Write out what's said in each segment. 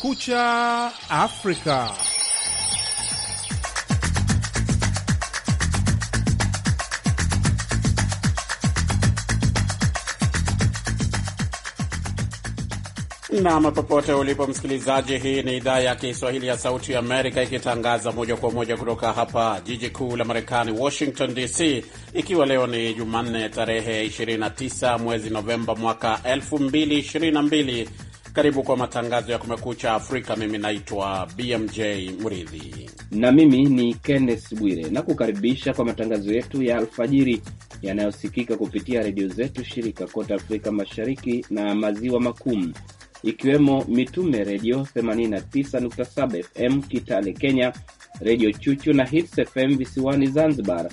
Kumekucha Afrika. Nam, popote ulipo msikilizaji, hii ni idhaa ya Kiswahili ya Sauti ya Amerika ikitangaza moja kwa moja kutoka hapa jiji kuu la Marekani, Washington DC, ikiwa leo ni Jumanne tarehe 29 mwezi Novemba mwaka 2022 karibu kwa matangazo ya Kumekucha Afrika. Mimi naitwa BMJ Mridhi na mimi ni Kenneth Bwire, na kukaribisha kwa matangazo yetu ya alfajiri yanayosikika kupitia redio zetu shirika kote Afrika Mashariki na Maziwa Makuu, ikiwemo Mitume Redio 89.7 FM Kitale Kenya, Redio Chuchu na Hits FM visiwani Zanzibar,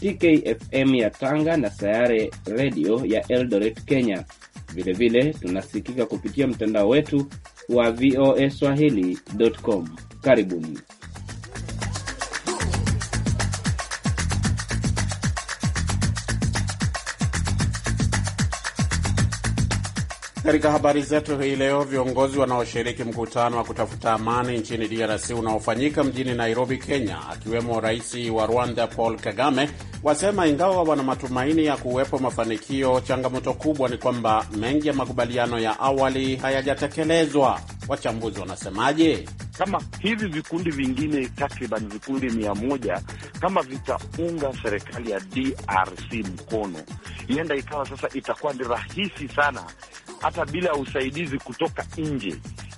TKFM ya Tanga na Sayare Redio ya Eldoret Kenya, Vilevile tunasikika kupitia mtandao wetu wa voa swahilicom Karibuni. Katika habari zetu hii leo, viongozi wanaoshiriki mkutano wa kutafuta amani nchini DRC unaofanyika mjini Nairobi, Kenya, akiwemo rais wa Rwanda Paul Kagame, wasema ingawa wana matumaini ya kuwepo mafanikio, changamoto kubwa ni kwamba mengi ya makubaliano ya awali hayajatekelezwa. Wachambuzi wanasemaje? Kama hivi vikundi vingine takriban vikundi mia moja kama vitaunga serikali ya DRC mkono, ienda ikawa sasa itakuwa ni rahisi sana hata bila usaidizi kutoka nje,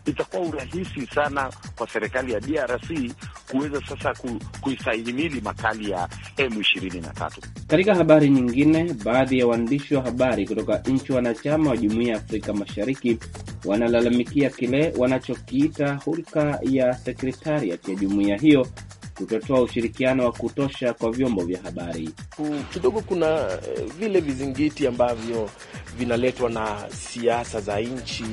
itakuwa urahisi sana kwa serikali ya DRC kuweza sasa ku, kuistahimili makali ya M23. Katika habari nyingine, baadhi ya waandishi wa habari kutoka nchi wanachama wa Jumuiya ya Afrika Mashariki wanalalamikia kile wanachokiita hulka ya sekretariat ya jumuiya hiyo kutotoa ushirikiano wa kutosha kwa vyombo vya habari. Mm, kidogo kuna eh, vile vizingiti ambavyo vinaletwa na siasa za nchi,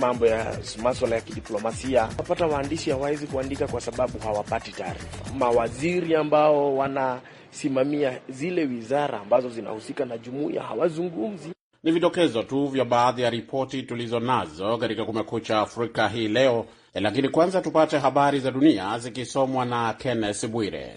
mambo ya maswala ya kidiplomasia. Wapata waandishi hawawezi kuandika kwa sababu hawapati taarifa. Mawaziri ambao wanasimamia zile wizara ambazo zinahusika na jumuiya hawazungumzi. Ni vidokezo tu vya baadhi ya ripoti tulizo nazo katika Kumekucha Afrika hii leo Eh, lakini kwanza tupate habari za dunia zikisomwa na Kenneth Bwire.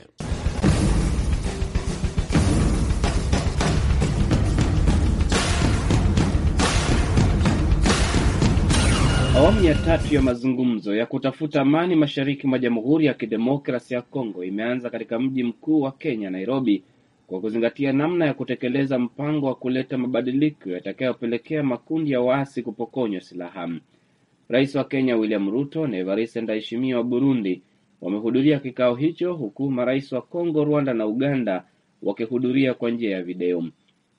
Awamu ya tatu ya mazungumzo ya kutafuta amani mashariki mwa Jamhuri ya Kidemokrasi ya Kongo imeanza katika mji mkuu wa Kenya, Nairobi, kwa kuzingatia namna ya kutekeleza mpango wa kuleta mabadiliko yatakayopelekea makundi ya waasi kupokonywa silaha. Rais wa Kenya William Ruto na Evariste Ndayishimiye wa Burundi wamehudhuria kikao hicho huku marais wa Kongo, Rwanda na Uganda wakihudhuria kwa njia ya video.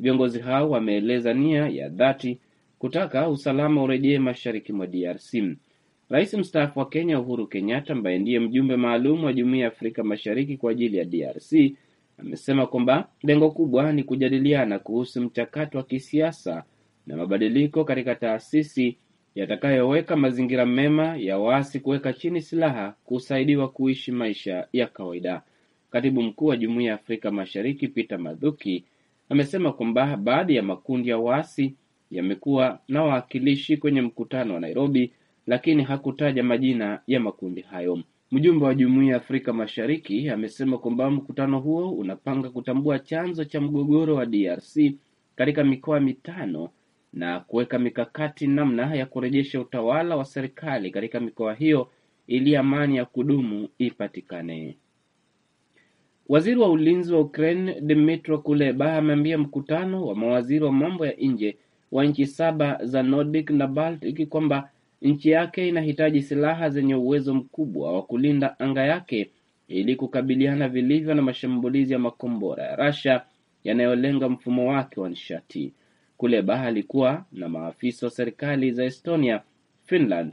Viongozi hao wameeleza nia ya dhati kutaka usalama urejee mashariki mwa DRC. Rais mstaafu wa Kenya Uhuru Kenyatta, ambaye ndiye mjumbe maalum wa Jumuiya ya Afrika Mashariki kwa ajili ya DRC, amesema kwamba lengo kubwa ni kujadiliana kuhusu mchakato wa kisiasa na mabadiliko katika taasisi yatakayoweka mazingira mema ya waasi kuweka chini silaha, kusaidiwa kuishi maisha ya kawaida. Katibu mkuu wa Jumuiya ya Afrika Mashariki Peter Mathuki amesema kwamba baadhi ya makundi ya waasi yamekuwa na wawakilishi kwenye mkutano wa Nairobi, lakini hakutaja majina ya makundi hayo. Mjumbe wa Jumuiya ya Afrika Mashariki amesema kwamba mkutano huo unapanga kutambua chanzo cha mgogoro wa DRC katika mikoa mitano na kuweka mikakati namna ya kurejesha utawala wa serikali katika mikoa hiyo ili amani ya kudumu ipatikane. Waziri wa ulinzi wa Ukraine Dmytro Kuleba ameambia mkutano wa mawaziri wa mambo ya nje wa nchi saba za Nordic na Baltic kwamba nchi yake inahitaji silaha zenye uwezo mkubwa wa kulinda anga yake ili kukabiliana vilivyo na mashambulizi ya makombora ya Russia yanayolenga mfumo wake wa nishati. Kuleba alikuwa na maafisa wa serikali za Estonia, Finland,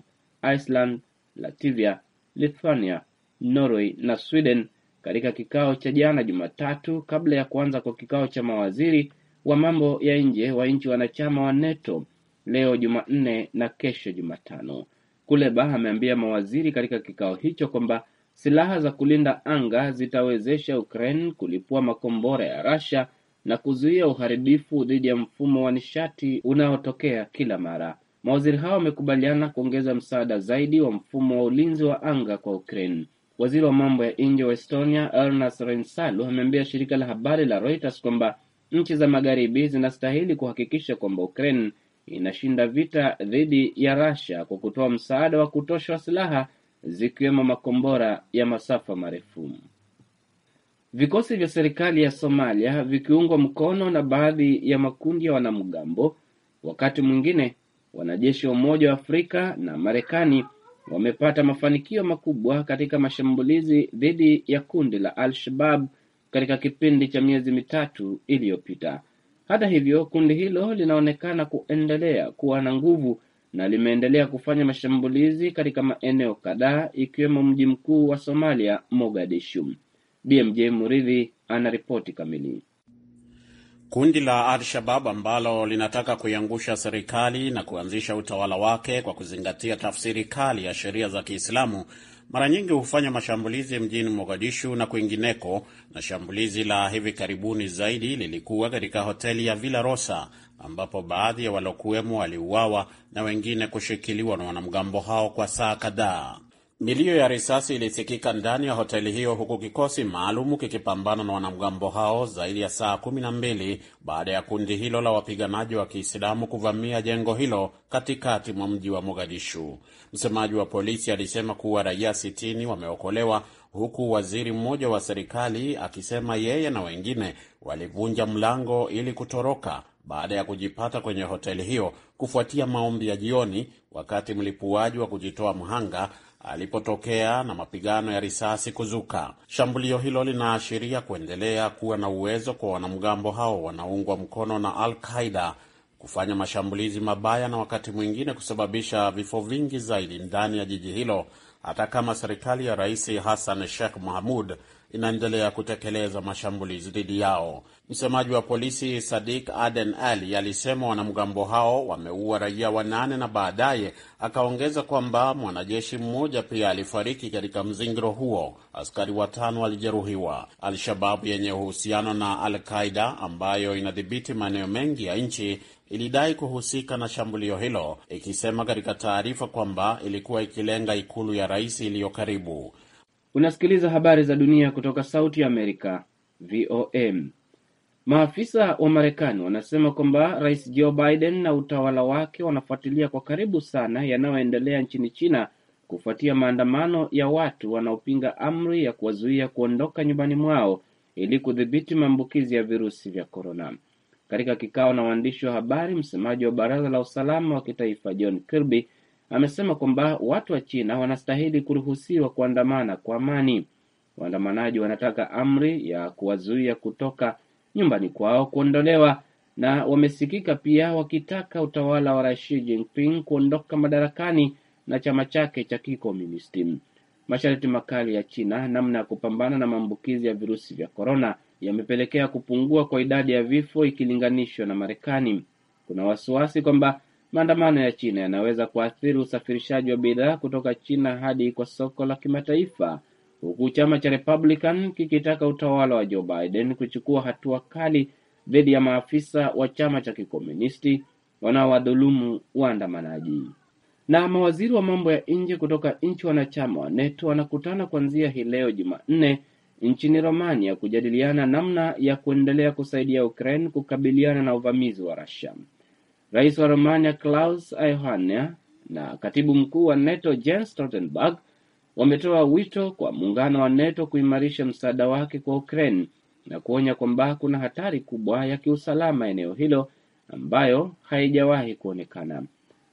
Iceland, Latvia, Lithuania, Norway na Sweden katika kikao cha jana Jumatatu kabla ya kuanza kwa kikao cha mawaziri wa mambo ya nje wa nchi wanachama wa NATO leo Jumanne na kesho Jumatano. Kuleba ameambia mawaziri katika kikao hicho kwamba silaha za kulinda anga zitawezesha Ukraine kulipua makombora ya Russia na kuzuia uharibifu dhidi ya mfumo wa nishati unaotokea kila mara. Mawaziri hao wamekubaliana kuongeza msaada zaidi wa mfumo wa ulinzi wa anga kwa Ukraine. Waziri wa mambo ya nje wa Estonia Ernas Rensalu ameambia shirika la habari la Reuters kwamba nchi za magharibi zinastahili kuhakikisha kwamba Ukraine inashinda vita dhidi ya Russia kwa kutoa msaada wa kutosha wa silaha zikiwemo makombora ya masafa marefu. Vikosi vya serikali ya Somalia vikiungwa mkono na baadhi ya makundi ya wanamgambo, wakati mwingine wanajeshi wa Umoja wa Afrika na Marekani wamepata mafanikio makubwa katika mashambulizi dhidi ya kundi la Al-Shabab katika kipindi cha miezi mitatu iliyopita. Hata hivyo, kundi hilo linaonekana kuendelea kuwa na nguvu na limeendelea kufanya mashambulizi katika maeneo kadhaa ikiwemo mji mkuu wa Somalia, Mogadishu. BMJ Muridhi anaripoti kamili. Kundi la Al-Shabab ambalo linataka kuiangusha serikali na kuanzisha utawala wake kwa kuzingatia tafsiri kali ya sheria za Kiislamu mara nyingi hufanya mashambulizi mjini Mogadishu na kwingineko, na shambulizi la hivi karibuni zaidi lilikuwa katika hoteli ya Villa Rosa ambapo baadhi ya walokuwemo waliuawa na wengine kushikiliwa na wanamgambo hao kwa saa kadhaa. Milio ya risasi ilisikika ndani ya hoteli hiyo huku kikosi maalumu kikipambana na wanamgambo hao zaidi ya saa kumi na mbili baada ya kundi hilo la wapiganaji wa Kiislamu kuvamia jengo hilo katikati mwa mji wa Mogadishu. Msemaji wa polisi alisema kuwa raia sitini wameokolewa huku waziri mmoja wa serikali akisema yeye na wengine walivunja mlango ili kutoroka baada ya kujipata kwenye hoteli hiyo kufuatia maombi ya jioni, wakati mlipuaji wa kujitoa mhanga alipotokea na mapigano ya risasi kuzuka. Shambulio hilo linaashiria kuendelea kuwa na uwezo kwa wanamgambo hao wanaoungwa mkono na Al Qaida kufanya mashambulizi mabaya na wakati mwingine kusababisha vifo vingi zaidi ndani ya jiji hilo, hata kama serikali ya Rais Hassan Sheikh Mahmud inaendelea kutekeleza mashambulizi dhidi yao. Msemaji wa polisi Sadik Aden Ali alisema wanamgambo hao wameua raia wanane na baadaye akaongeza kwamba mwanajeshi mmoja pia alifariki katika mzingiro huo. Askari watano walijeruhiwa. Al-Shababu yenye uhusiano na Al-Qaida ambayo inadhibiti maeneo mengi ya nchi ilidai kuhusika na shambulio hilo, ikisema katika taarifa kwamba ilikuwa ikilenga ikulu ya rais iliyo karibu. Unasikiliza habari za dunia kutoka Sauti Amerika, vom Maafisa wa Marekani wanasema kwamba Rais Joe Biden na utawala wake wanafuatilia kwa karibu sana yanayoendelea nchini China kufuatia maandamano ya watu wanaopinga amri ya kuwazuia kuondoka nyumbani mwao ili kudhibiti maambukizi ya virusi vya korona. Katika kikao na waandishi wa habari, msemaji wa baraza la usalama wa kitaifa John Kirby amesema kwamba watu wa China wanastahili kuruhusiwa kuandamana kwa amani. Waandamanaji wanataka amri ya kuwazuia kutoka nyumbani kwao kuondolewa, na wamesikika pia wakitaka utawala wa Rais Xi Jinping kuondoka madarakani na chama chake cha kikomunisti. Masharti makali ya China namna ya kupambana na maambukizi ya virusi vya korona yamepelekea kupungua kwa idadi ya vifo ikilinganishwa na Marekani. Kuna wasiwasi kwamba Maandamano ya China yanaweza kuathiri usafirishaji wa bidhaa kutoka China hadi kwa soko la kimataifa, huku chama cha Republican kikitaka utawala wa Joe Biden kuchukua hatua kali dhidi ya maafisa wa chama cha kikomunisti wanaowadhulumu waandamanaji. Na mawaziri wa mambo ya nje kutoka nchi wanachama wa NATO wanakutana kuanzia hii leo Jumanne nchini Romania kujadiliana namna ya kuendelea kusaidia Ukraine kukabiliana na uvamizi wa Russia. Rais wa Romania Klaus Iohanea na katibu mkuu wa NATO Jens Stoltenberg wametoa wito kwa muungano wa NATO kuimarisha msaada wake kwa Ukraine na kuonya kwamba kuna hatari kubwa ya kiusalama eneo hilo ambayo haijawahi kuonekana.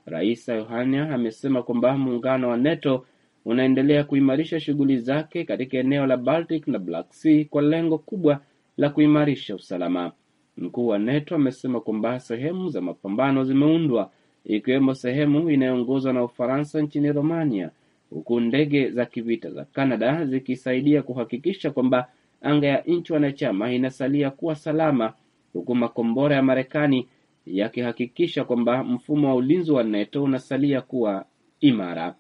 Rais Iohanea amesema kwamba muungano wa NATO unaendelea kuimarisha shughuli zake katika eneo la Baltic na Black Sea kwa lengo kubwa la kuimarisha usalama. Mkuu wa Neto amesema kwamba sehemu za mapambano zimeundwa ikiwemo sehemu inayoongozwa na Ufaransa nchini Romania, huku ndege za kivita za canada zikisaidia kuhakikisha kwamba anga ya nchi wanachama inasalia kuwa salama, huku makombora ya Marekani yakihakikisha kwamba mfumo wa ulinzi wa NATO unasalia kuwa imara.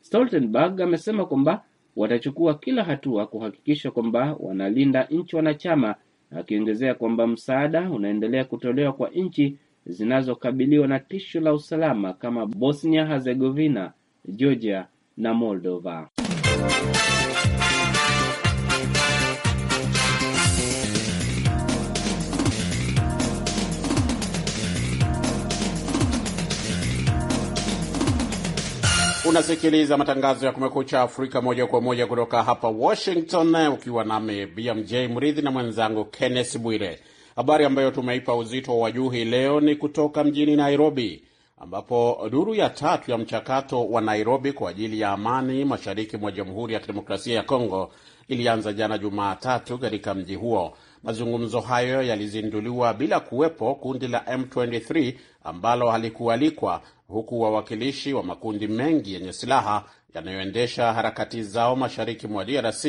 Stoltenberg amesema kwamba watachukua kila hatua kuhakikisha kwamba wanalinda nchi wanachama akiongezea kwamba msaada unaendelea kutolewa kwa nchi zinazokabiliwa na tisho la usalama kama Bosnia Herzegovina, Georgia na Moldova. Unasikiliza matangazo ya Kumekucha Afrika moja kwa moja kutoka hapa Washington, ukiwa nami BMJ Mridhi na mwenzangu Kenneth Bwire. Habari ambayo tumeipa uzito wa juu hii leo ni kutoka mjini Nairobi, ambapo duru ya tatu ya mchakato wa Nairobi kwa ajili ya amani mashariki mwa Jamhuri ya Kidemokrasia ya Kongo ilianza jana Jumatatu katika mji huo. Mazungumzo hayo yalizinduliwa bila kuwepo kundi la M23 ambalo halikualikwa huku wawakilishi wa makundi mengi yenye silaha yanayoendesha harakati zao mashariki mwa DRC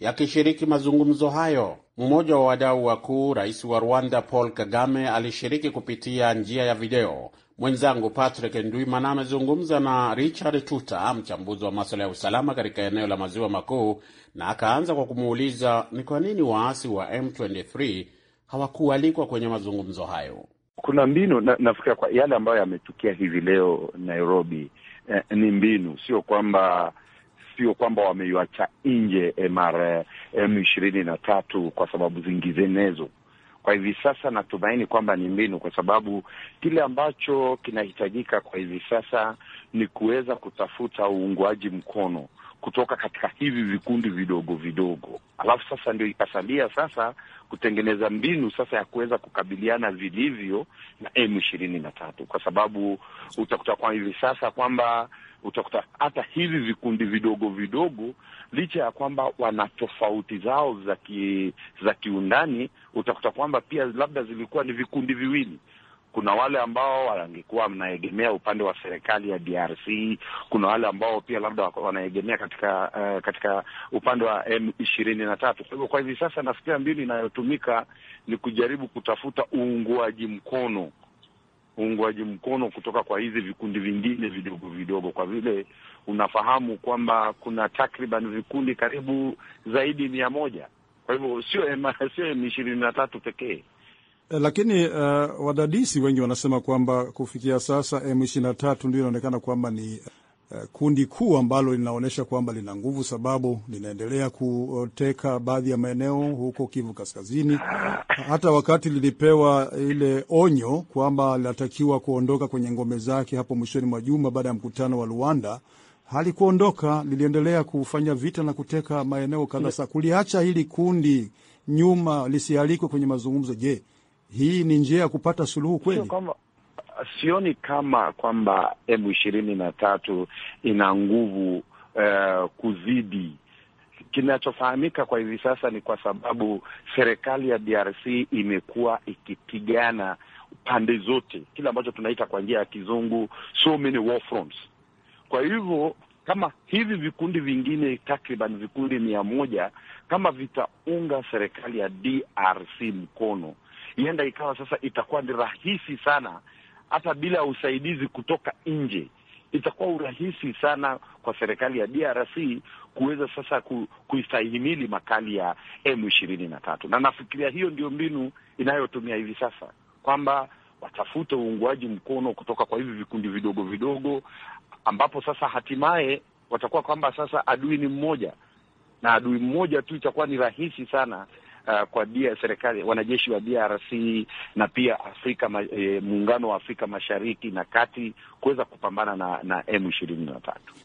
yakishiriki mazungumzo hayo. Mmoja wa wadau wakuu, rais wa Rwanda Paul Kagame, alishiriki kupitia njia ya video. Mwenzangu Patrick Ndwimana amezungumza na Richard Tuta, mchambuzi wa maswala ya usalama katika eneo la maziwa makuu, na akaanza kwa kumuuliza ni kwa nini waasi wa M23 hawakualikwa kwenye mazungumzo hayo kuna mbinu na, nafikira kwa yale ambayo yametukia hivi leo Nairobi eh, ni mbinu, sio kwamba sio kwamba wameiacha nje MRM ishirini na tatu kwa sababu zinginezo. Kwa hivi sasa natumaini kwamba ni mbinu, kwa sababu kile ambacho kinahitajika kwa hivi sasa ni kuweza kutafuta uungwaji mkono kutoka katika hivi vikundi vidogo vidogo, alafu sasa ndio ikasalia sasa kutengeneza mbinu sasa ya kuweza kukabiliana vilivyo na M ishirini na tatu, kwa sababu utakuta kwa hivi sasa kwamba utakuta hata hivi vikundi vidogo vidogo licha ya kwamba wana tofauti zao za ki, za kiundani, utakuta kwamba pia labda zilikuwa ni vikundi viwili kuna wale ambao wangekuwa wanaegemea upande wa serikali ya DRC, kuna wale ambao pia labda wanaegemea katika uh, katika upande wa M23. Kwa hivyo kwa hivi sasa nafikiria mbinu inayotumika ni kujaribu kutafuta uunguaji mkono uunguaji mkono kutoka kwa hizi vikundi vingine vidogo vidogo, kwa vile unafahamu kwamba kuna takriban vikundi karibu zaidi mia moja. Kwa hivyo sio sio M ishirini na tatu pekee. Eh, lakini uh, wadadisi wengi wanasema kwamba kufikia sasa M23 ndio inaonekana kwamba ni uh, kundi kuu ambalo linaonyesha kwamba lina nguvu, sababu linaendelea kuteka baadhi ya maeneo huko Kivu Kaskazini, hata wakati lilipewa ile onyo kwamba linatakiwa kuondoka kwenye ngome zake hapo mwishoni mwa juma baada ya mkutano wa Luanda halikuondoka liliendelea kufanya vita na kuteka maeneo kadhaa. Kuliacha hili kundi nyuma lisialikwe kwenye mazungumzo, je, hii ni njia ya kupata suluhu kweli? Sioni kama kwamba emu ishirini na tatu ina nguvu uh, kuzidi kinachofahamika kwa hivi sasa. Ni kwa sababu serikali ya DRC imekuwa ikipigana pande zote, kile ambacho tunaita kwa njia ya kizungu so many war fronts. Kwa hivyo kama hivi vikundi vingine takriban vikundi mia moja kama vitaunga serikali ya DRC mkono ienda ikawa sasa itakuwa ni rahisi sana hata bila usaidizi kutoka nje itakuwa urahisi sana kwa serikali ya DRC kuweza sasa ku, kuistahimili makali ya M ishirini na tatu, na nafikiria hiyo ndio mbinu inayotumia hivi sasa kwamba watafute uunguaji mkono kutoka kwa hivi vikundi vidogo vidogo, ambapo sasa hatimaye watakuwa kwamba sasa adui ni mmoja na adui mmoja tu, itakuwa ni rahisi sana uh, kwa dia serikali wanajeshi wa DRC na pia Afrika e, muungano wa Afrika Mashariki na Kati kuweza kupambana na, na M23.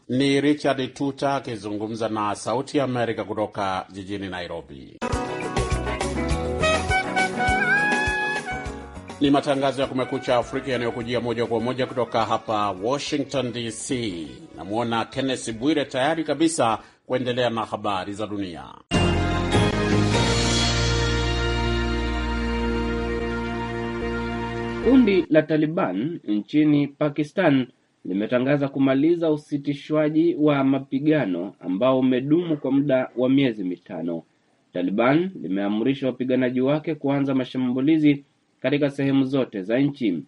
Ni Richard Tuta akizungumza na Sauti ya Amerika kutoka jijini Nairobi. Ni matangazo ya Kumekucha Afrika yanayokujia moja kwa moja kutoka hapa Washington DC. Namwona Kenneth Bwire tayari kabisa kuendelea na habari za dunia. Kundi la Taliban nchini Pakistan limetangaza kumaliza usitishwaji wa mapigano ambao umedumu kwa muda wa miezi mitano. Taliban limeamrisha wapiganaji wake kuanza mashambulizi katika sehemu zote za nchi.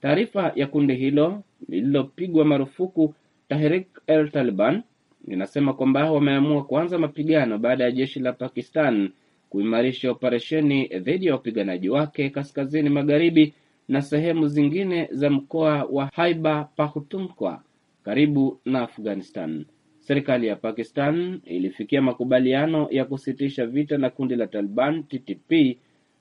Taarifa ya kundi hilo lililopigwa marufuku Tahrik el Taliban linasema kwamba wameamua kuanza mapigano baada ya jeshi la Pakistan kuimarisha operesheni dhidi ya wapiganaji wake kaskazini magharibi na sehemu zingine za mkoa wa Khyber Pakhtunkhwa karibu na Afghanistan. Serikali ya Pakistan ilifikia makubaliano ya kusitisha vita na kundi la Taliban TTP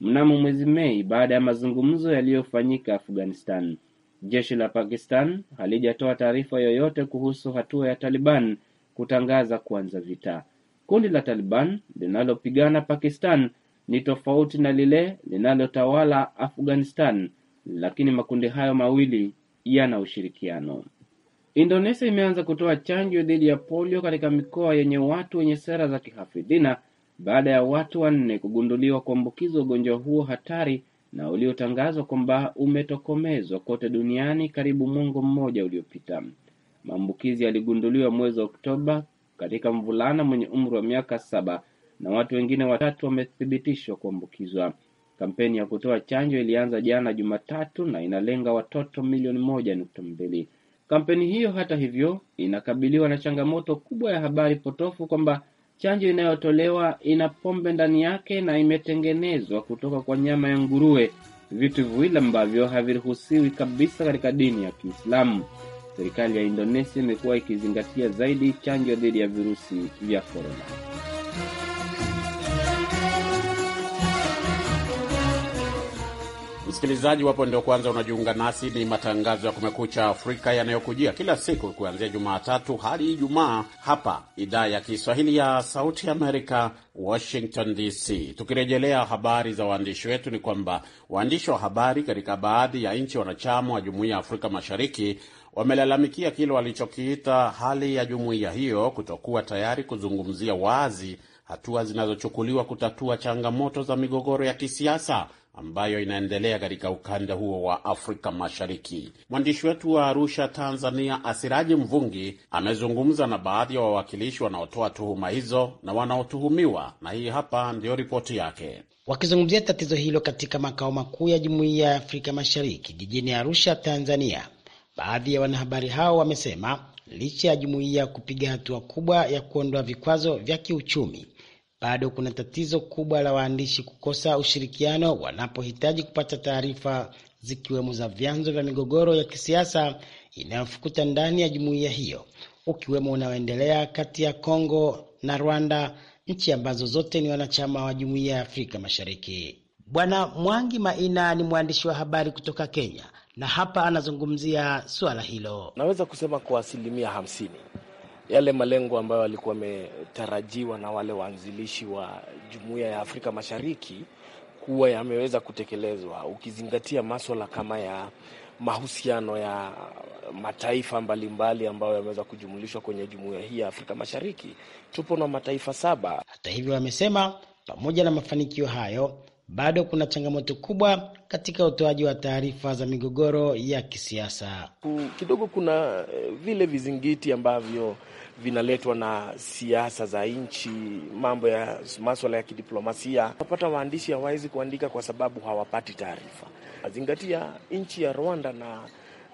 mnamo mwezi Mei baada ya mazungumzo yaliyofanyika Afghanistan. Jeshi la Pakistan halijatoa taarifa yoyote kuhusu hatua ya Taliban kutangaza kuanza vita. Kundi la Taliban linalopigana Pakistan ni tofauti na lile linalotawala Afghanistan lakini makundi hayo mawili yana ushirikiano. Indonesia imeanza kutoa chanjo dhidi ya polio katika mikoa yenye watu wenye sera za kihafidhina baada ya watu wanne kugunduliwa kuambukizwa ugonjwa huo hatari na uliotangazwa kwamba umetokomezwa kote duniani karibu mwongo mmoja uliopita. Maambukizi yaligunduliwa mwezi wa Oktoba katika mvulana mwenye umri wa miaka saba na watu wengine watatu wamethibitishwa kuambukizwa. Kampeni ya kutoa chanjo ilianza jana Jumatatu na inalenga watoto milioni moja nukta mbili. Kampeni hiyo hata hivyo inakabiliwa na changamoto kubwa ya habari potofu kwamba chanjo inayotolewa ina pombe ndani yake na imetengenezwa kutoka kwa nyama ya nguruwe, vitu viwili ambavyo haviruhusiwi kabisa katika dini ya Kiislamu. Serikali ya Indonesia imekuwa ikizingatia zaidi chanjo dhidi ya virusi vya korona. Msikilizaji wapo ndio kwanza unajiunga nasi, ni matangazo ya Kumekucha Afrika yanayokujia kila siku kuanzia Jumatatu hadi Ijumaa hapa idhaa ya Kiswahili ya Sauti Amerika, Washington DC. Tukirejelea habari za waandishi wetu, ni kwamba waandishi wa habari katika baadhi ya nchi wanachama wa Jumuiya ya Afrika Mashariki wamelalamikia kile walichokiita hali ya jumuiya hiyo kutokuwa tayari kuzungumzia wazi hatua zinazochukuliwa kutatua changamoto za migogoro ya kisiasa ambayo inaendelea katika ukanda huo wa Afrika Mashariki. Mwandishi wetu wa Arusha, Tanzania, Asiraji Mvungi amezungumza na baadhi ya wa wawakilishi wanaotoa tuhuma hizo na wanaotuhumiwa, na hii hapa ndiyo ripoti yake. Wakizungumzia tatizo hilo katika makao makuu ya Jumuiya ya Afrika Mashariki jijini Arusha, Tanzania, baadhi ya wanahabari hao wamesema licha ya jumuiya kupiga hatua kubwa ya kuondoa vikwazo vya kiuchumi bado kuna tatizo kubwa la waandishi kukosa ushirikiano wanapohitaji kupata taarifa zikiwemo za vyanzo vya migogoro ya kisiasa inayofukuta ndani ya jumuiya hiyo, ukiwemo unaoendelea kati ya Kongo na Rwanda, nchi ambazo zote ni wanachama wa jumuiya ya Afrika Mashariki. Bwana Mwangi Maina ni mwandishi wa habari kutoka Kenya, na hapa anazungumzia suala hilo. Naweza kusema kwa asilimia hamsini yale malengo ambayo alikuwa ametarajiwa na wale waanzilishi wa Jumuiya ya Afrika Mashariki kuwa yameweza kutekelezwa, ukizingatia maswala kama ya mahusiano ya mataifa mbalimbali mbali ambayo yameweza kujumulishwa kwenye jumuiya hii ya Afrika Mashariki. Tupo na mataifa saba. Hata hivyo, amesema pamoja na mafanikio hayo bado kuna changamoto kubwa katika utoaji wa taarifa za migogoro ya kisiasa. Mm, kidogo kuna eh, vile vizingiti ambavyo vinaletwa na siasa za nchi, mambo ya maswala ya kidiplomasia. Napata waandishi hawawezi kuandika kwa sababu hawapati taarifa. nazingatia nchi ya Rwanda na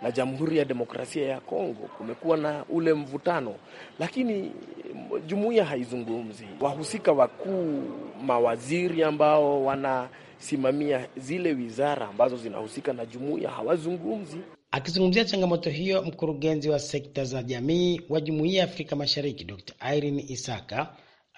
na Jamhuri ya Demokrasia ya Kongo kumekuwa na ule mvutano, lakini jumuiya haizungumzi. Wahusika wakuu, mawaziri ambao wanasimamia zile wizara ambazo zinahusika na jumuiya hawazungumzi. Akizungumzia changamoto hiyo, mkurugenzi wa sekta za jamii wa Jumuiya ya Afrika Mashariki Dr. Irene Isaka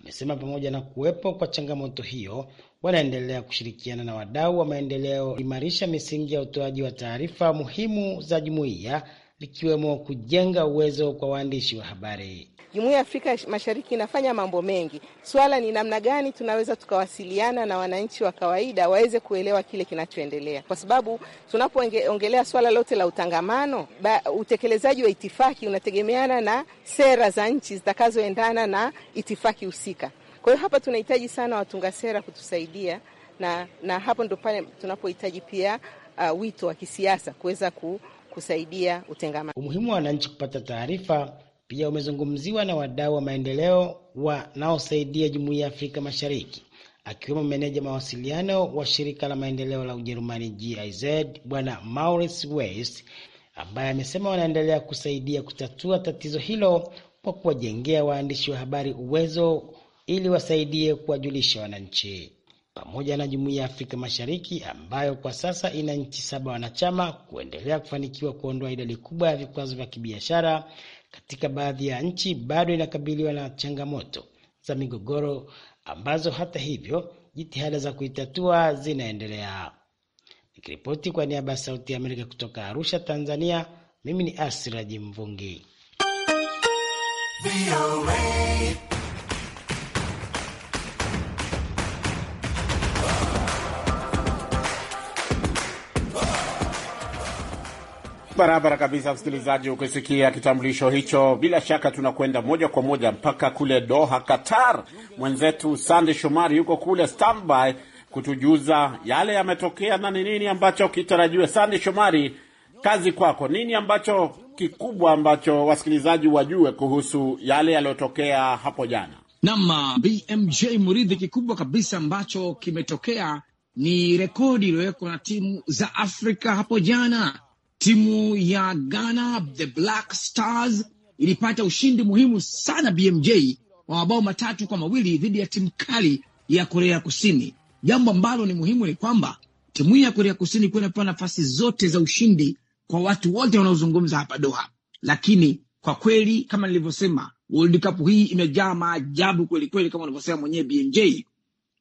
amesema pamoja na kuwepo kwa changamoto hiyo, wanaendelea kushirikiana na wadau wa maendeleo kuimarisha misingi ya utoaji wa taarifa muhimu za jumuiya, likiwemo kujenga uwezo kwa waandishi wa habari. Jumuiya ya Afrika Mashariki inafanya mambo mengi. Swala ni namna gani tunaweza tukawasiliana na wananchi wa kawaida waweze kuelewa kile kinachoendelea, kwa sababu tunapoongelea swala lote la utangamano ba, utekelezaji wa itifaki unategemeana na sera za nchi zitakazoendana na itifaki husika. Kwa hiyo hapa tunahitaji sana watunga sera kutusaidia na, na hapo ndo pale tunapohitaji pia uh, wito wa kisiasa kuweza ku, kusaidia utengamano. Umuhimu wa wananchi kupata taarifa pia umezungumziwa na wadau wa maendeleo wanaosaidia jumuiya ya Afrika Mashariki, akiwemo meneja mawasiliano wa shirika la maendeleo la Ujerumani GIZ Bwana Maurice Weiss, ambaye amesema wanaendelea kusaidia kutatua tatizo hilo kwa kuwajengea waandishi wa habari uwezo ili wasaidie kuwajulisha wananchi pamoja na jumuiya ya Afrika Mashariki ambayo kwa sasa ina nchi saba wanachama kuendelea kufanikiwa kuondoa idadi kubwa ya vikwazo vya kibiashara katika baadhi ya nchi bado inakabiliwa na changamoto za migogoro ambazo hata hivyo jitihada za kuitatua zinaendelea. Nikiripoti kwa niaba ya Sauti ya Amerika kutoka Arusha, Tanzania, mimi ni Asiraji Mvungi. Barabara kabisa, msikilizaji. Ukisikia kitambulisho hicho, bila shaka tunakwenda moja kwa moja mpaka kule Doha, Qatar. Mwenzetu Sande Shomari yuko kule standby kutujuza yale yametokea na ni nini ambacho kitarajiwe. Sande Shomari, kazi kwako. Nini ambacho kikubwa ambacho wasikilizaji wajue kuhusu yale yaliyotokea hapo jana? nam uh, BMJ Muridhi, kikubwa kabisa ambacho kimetokea ni rekodi iliyowekwa na timu za Afrika hapo jana Timu ya Ghana the Black Stars ilipata ushindi muhimu sana BMJ wa mabao matatu kwa mawili dhidi ya timu kali ya Korea Kusini. Jambo ambalo ni muhimu ni kwamba timu hii ya Korea Kusini ikuwa inapewa nafasi zote za ushindi kwa watu wote wanaozungumza hapa Doha, lakini kwa kweli kama nilivyosema, World Cup hii imejaa maajabu kwelikweli Kama unavyosema mwenyewe BMJ,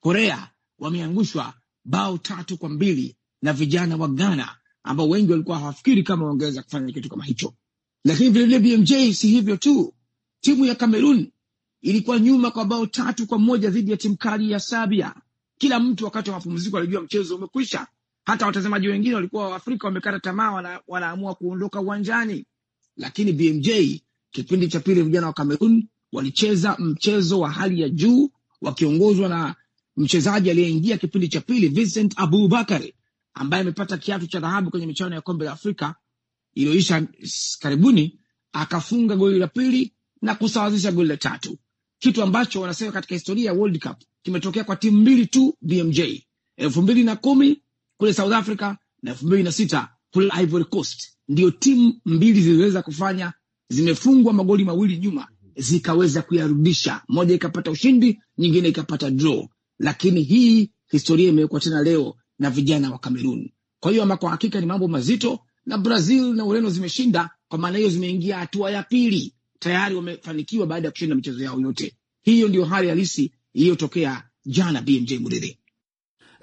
Korea wameangushwa bao tatu kwa mbili na vijana wa Ghana ambao wengi walikuwa hawafikiri kama wangeweza kufanya kitu kama hicho. Lakini vilevile BMJ, si hivyo tu, timu ya Cameroon ilikuwa nyuma kwa bao tatu kwa moja dhidi ya timu kali ya Sabia. Kila mtu wakati wa mapumziko alijua mchezo umekwisha. Hata watazamaji wengine walikuwa Waafrika wamekata tamaa, wana, wanaamua kuondoka uwanjani. Lakini BMJ, kipindi cha pili, vijana wa Cameroon walicheza mchezo wa hali ya juu wakiongozwa na mchezaji aliyeingia kipindi cha pili Vincent Abubakari ambaye amepata kiatu cha dhahabu kwenye michuano ya kombe la Afrika iliyoisha karibuni, akafunga goli la pili na kusawazisha goli la tatu, kitu ambacho wanasema katika historia ya World Cup kimetokea kwa timu mbili tu, BMJ elfu mbili na kumi kule South Africa na elfu mbili na sita kule Ivory Coast. Ndio timu mbili ziliweza kufanya, zimefungwa magoli mawili nyuma zikaweza kuyarudisha, moja ikapata ushindi, nyingine ikapata draw. Lakini hii historia imewekwa tena leo na vijana wa Kamerun. Kwa hiyo ama kwa hakika ni mambo mazito, na Brazil na Ureno zimeshinda, kwa maana hiyo zimeingia hatua ya pili tayari, wamefanikiwa baada ya kushinda michezo yao yote. Hiyo ndiyo hali halisi iliyotokea jana. BMJ Muridhi.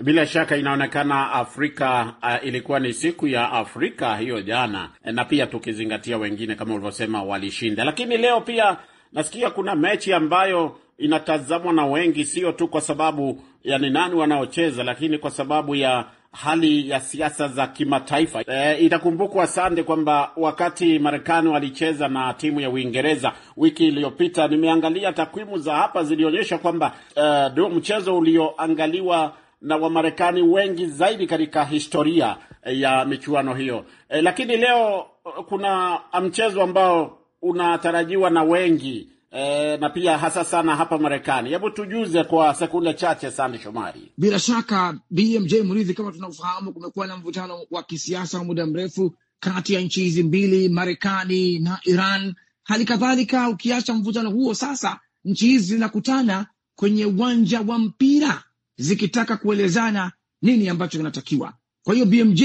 Bila shaka inaonekana Afrika uh, ilikuwa ni siku ya Afrika hiyo jana, eh, na pia tukizingatia wengine kama ulivyosema walishinda, lakini leo pia nasikia kuna mechi ambayo inatazamwa na wengi, sio tu kwa sababu yani nani wanaocheza, lakini kwa sababu ya hali ya siasa za kimataifa e, itakumbukwa Sande kwamba wakati Marekani walicheza na timu ya Uingereza wiki iliyopita, nimeangalia takwimu za hapa zilionyesha kwamba ndio e, mchezo ulioangaliwa na Wamarekani wengi zaidi katika historia ya michuano hiyo. E, lakini leo kuna mchezo ambao unatarajiwa na wengi E, na pia hasa sana hapa Marekani. Hebu tujuze kwa sekunde chache, Sande Shomari. Bila shaka BMJ Mridhi, kama tunavyofahamu, kumekuwa na mvutano wa kisiasa wa muda mrefu kati ya nchi hizi mbili, Marekani na Iran. Hali kadhalika, ukiacha mvutano huo, sasa nchi hizi zinakutana kwenye uwanja wa mpira zikitaka kuelezana nini ambacho kinatakiwa. Kwa hiyo BMJ,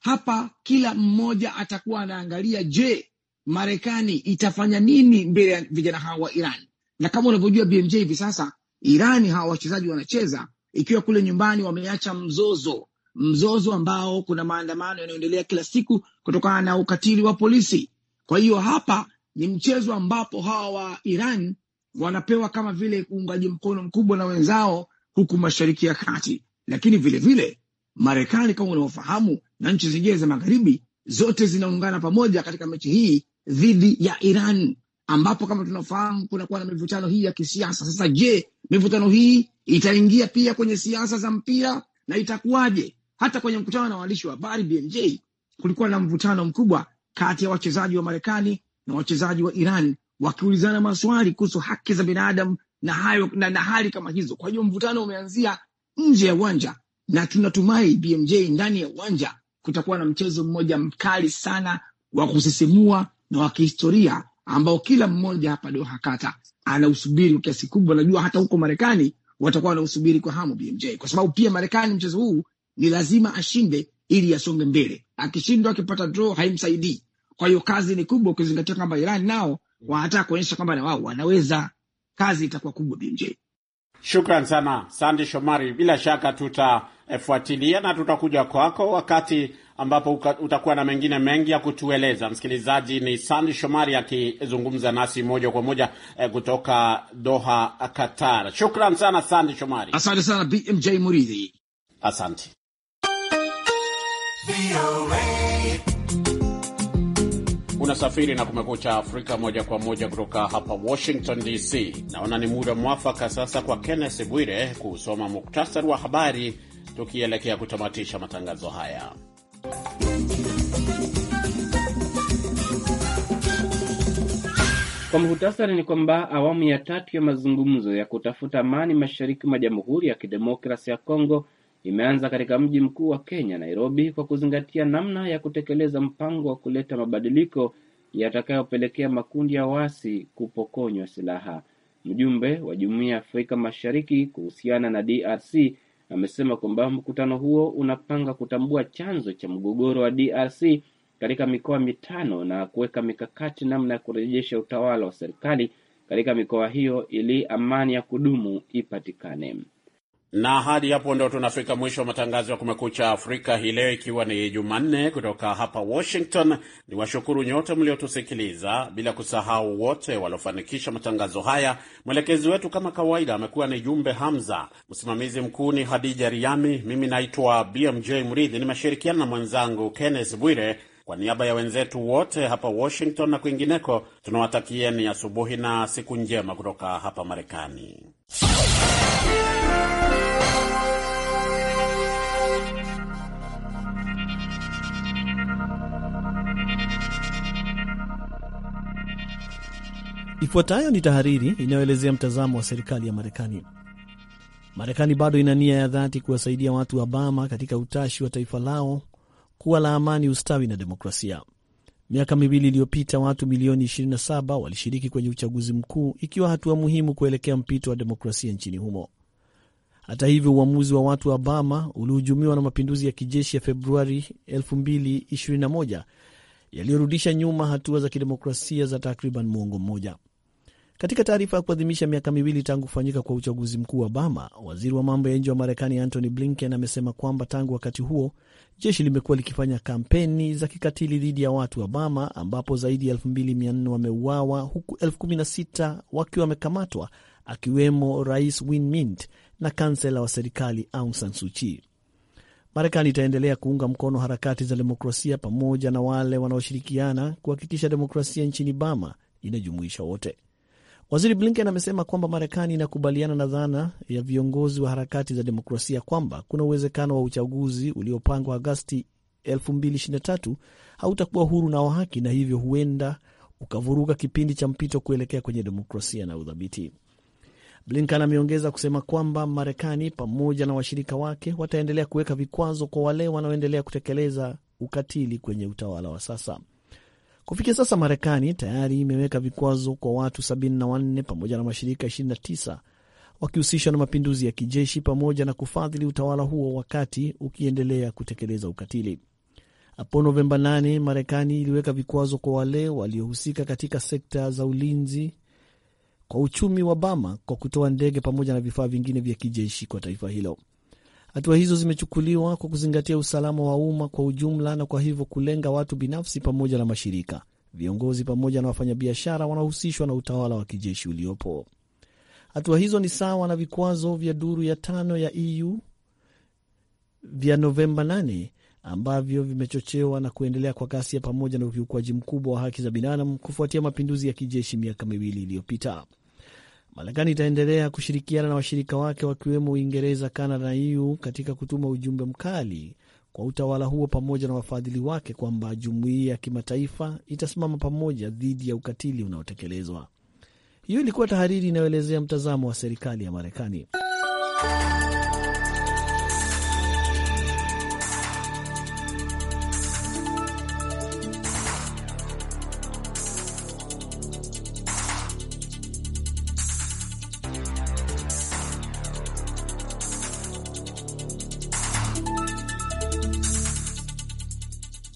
hapa kila mmoja atakuwa anaangalia, je, Marekani itafanya nini mbele ya vijana hawa wa Iran? Na kama unavyojua BMJ, hivi sasa Iran hawa wachezaji wanacheza ikiwa kule nyumbani wameacha mzozo, mzozo ambao kuna maandamano yanayoendelea kila siku kutokana na ukatili wa polisi. Kwa hiyo hapa ni mchezo ambapo hawa wa Iran wanapewa kama vile uungaji mkono mkubwa na wenzao huku Mashariki ya Kati, lakini vilevile Marekani kama unavyofahamu na nchi zingine za magharibi zote zinaungana pamoja katika mechi hii dhidi ya Iran, ambapo kama tunafahamu kunakuwa na mivutano hii ya kisiasa. Sasa je, mivutano hii itaingia pia kwenye siasa za mpira na itakuwaje? Hata kwenye mkutano na waandishi wa habari BMJ, kulikuwa na mvutano mkubwa kati ya wachezaji wa Marekani na wachezaji wa Iran wakiulizana maswali kuhusu haki za binadamu na hayo, na, na hali kama hizo. Kwa hiyo mvutano umeanzia nje ya uwanja na tunatumai BMJ, ndani ya uwanja kutakuwa na mchezo mmoja mkali sana wa kusisimua na wa kihistoria ambao kila mmoja hapa Doha Kata anausubiri kwa kiasi kubwa. Najua hata huko Marekani watakuwa wanausubiri kwa hamu BMJ, kwa sababu pia Marekani mchezo huu ni lazima ashinde ili asonge mbele. Akishindwa, akipata draw haimsaidii. Kwa hiyo kazi ni kubwa, ukizingatia kwamba Iran nao mm. wanataka kuonyesha kwamba na wao wanaweza. Kazi itakuwa kubwa BMJ. Shukran sana Sandi Shomari, bila shaka tutafuatilia na tutakuja kwako wakati ambapo utakuwa na mengine mengi ya kutueleza. Msikilizaji, ni Sandi Shomari akizungumza nasi moja kwa moja eh, kutoka Doha, Qatar. Shukran sana Sandi Shomari. Asante sana BMJ Muridhi, asante unasafiri na Kumekucha Afrika moja kwa moja kutoka hapa Washington DC. Naona ni muda mwafaka sasa kwa kennes Bwire kusoma muktasari wa habari, tukielekea kutamatisha matangazo haya. Kwa muhtasari ni kwamba awamu ya tatu ya mazungumzo ya kutafuta amani mashariki mwa Jamhuri ya Kidemokrasi ya Kongo imeanza katika mji mkuu wa Kenya, Nairobi, kwa kuzingatia namna ya kutekeleza mpango wa kuleta mabadiliko yatakayopelekea makundi ya wasi kupokonywa silaha. Mjumbe wa Jumuiya ya Afrika Mashariki kuhusiana na DRC amesema kwamba mkutano huo unapanga kutambua chanzo cha mgogoro wa DRC katika mikoa mitano na kuweka mikakati namna ya kurejesha utawala wa serikali katika mikoa hiyo ili amani ya kudumu ipatikane na hadi hapo ndo tunafika mwisho wa matangazo ya Kumekucha Afrika hii leo, ikiwa ni Jumanne kutoka hapa Washington. Ni washukuru nyote mliotusikiliza, bila kusahau wote waliofanikisha matangazo haya. Mwelekezi wetu kama kawaida amekuwa ni Jumbe Hamza, msimamizi mkuu ni Hadija Riami, mimi naitwa BMJ Mridhi, nimeshirikiana na mwenzangu Kenneth Bwire. Kwa niaba ya wenzetu wote hapa Washington na kwingineko, tunawatakieni asubuhi na siku njema kutoka hapa Marekani. Ifuatayo ni tahariri inayoelezea mtazamo wa serikali ya Marekani. Marekani bado ina nia ya dhati kuwasaidia watu wa Bama katika utashi wa taifa lao kuwa la amani, ustawi na demokrasia. Miaka miwili iliyopita watu milioni 27 walishiriki kwenye uchaguzi mkuu, ikiwa hatua muhimu kuelekea mpito wa demokrasia nchini humo. Hata hivyo, uamuzi wa watu wa Bama ulihujumiwa na mapinduzi ya kijeshi ya Februari 2021 yaliyorudisha nyuma hatua za kidemokrasia za takriban muongo mmoja. Katika taarifa ya kuadhimisha miaka miwili tangu kufanyika kwa uchaguzi mkuu wa Obama, waziri wa mambo ya nje wa Marekani Antony Blinken amesema kwamba tangu wakati huo jeshi limekuwa likifanya kampeni za kikatili dhidi ya watu wa Obama, ambapo zaidi ya 2400 wameuawa huku 16 wakiwa wamekamatwa, akiwemo Rais Win Mint na kansela wa serikali Aung San Suu Kyi. Marekani itaendelea kuunga mkono harakati za demokrasia pamoja na wale wanaoshirikiana kuhakikisha demokrasia nchini Bama inajumuisha wote. Waziri Blinken amesema kwamba Marekani inakubaliana na dhana ya viongozi wa harakati za demokrasia kwamba kuna uwezekano wa uchaguzi uliopangwa Agasti 2023 hautakuwa huru na wa haki na hivyo huenda ukavuruga kipindi cha mpito kuelekea kwenye demokrasia na udhabiti. Blinken ameongeza kusema kwamba Marekani pamoja na washirika wake wataendelea kuweka vikwazo kwa wale wanaoendelea kutekeleza ukatili kwenye utawala wa sasa. Kufikia sasa Marekani tayari imeweka vikwazo kwa watu 74 pamoja na mashirika 29 wakihusishwa na mapinduzi ya kijeshi pamoja na kufadhili utawala huo wakati ukiendelea kutekeleza ukatili. Hapo Novemba 8 Marekani iliweka vikwazo kwa wale waliohusika katika sekta za ulinzi kwa uchumi wa Bama kwa kutoa ndege pamoja na vifaa vingine vya kijeshi kwa taifa hilo. Hatua hizo zimechukuliwa kwa kuzingatia usalama wa umma kwa ujumla na kwa hivyo kulenga watu binafsi pamoja na mashirika, viongozi pamoja na wafanyabiashara wanaohusishwa na utawala wa kijeshi uliopo. Hatua hizo ni sawa na vikwazo vya duru ya tano ya EU vya Novemba 8 ambavyo vimechochewa na kuendelea kwa kasi ya pamoja na ukiukwaji mkubwa wa haki za binadamu kufuatia mapinduzi ya kijeshi miaka miwili iliyopita. Marekani itaendelea kushirikiana na washirika wake wakiwemo Uingereza, Kanada na EU katika kutuma ujumbe mkali kwa utawala huo pamoja na wafadhili wake kwamba jumuiya ya kimataifa itasimama pamoja dhidi ya ukatili unaotekelezwa. Hiyo ilikuwa tahariri inayoelezea mtazamo wa serikali ya Marekani.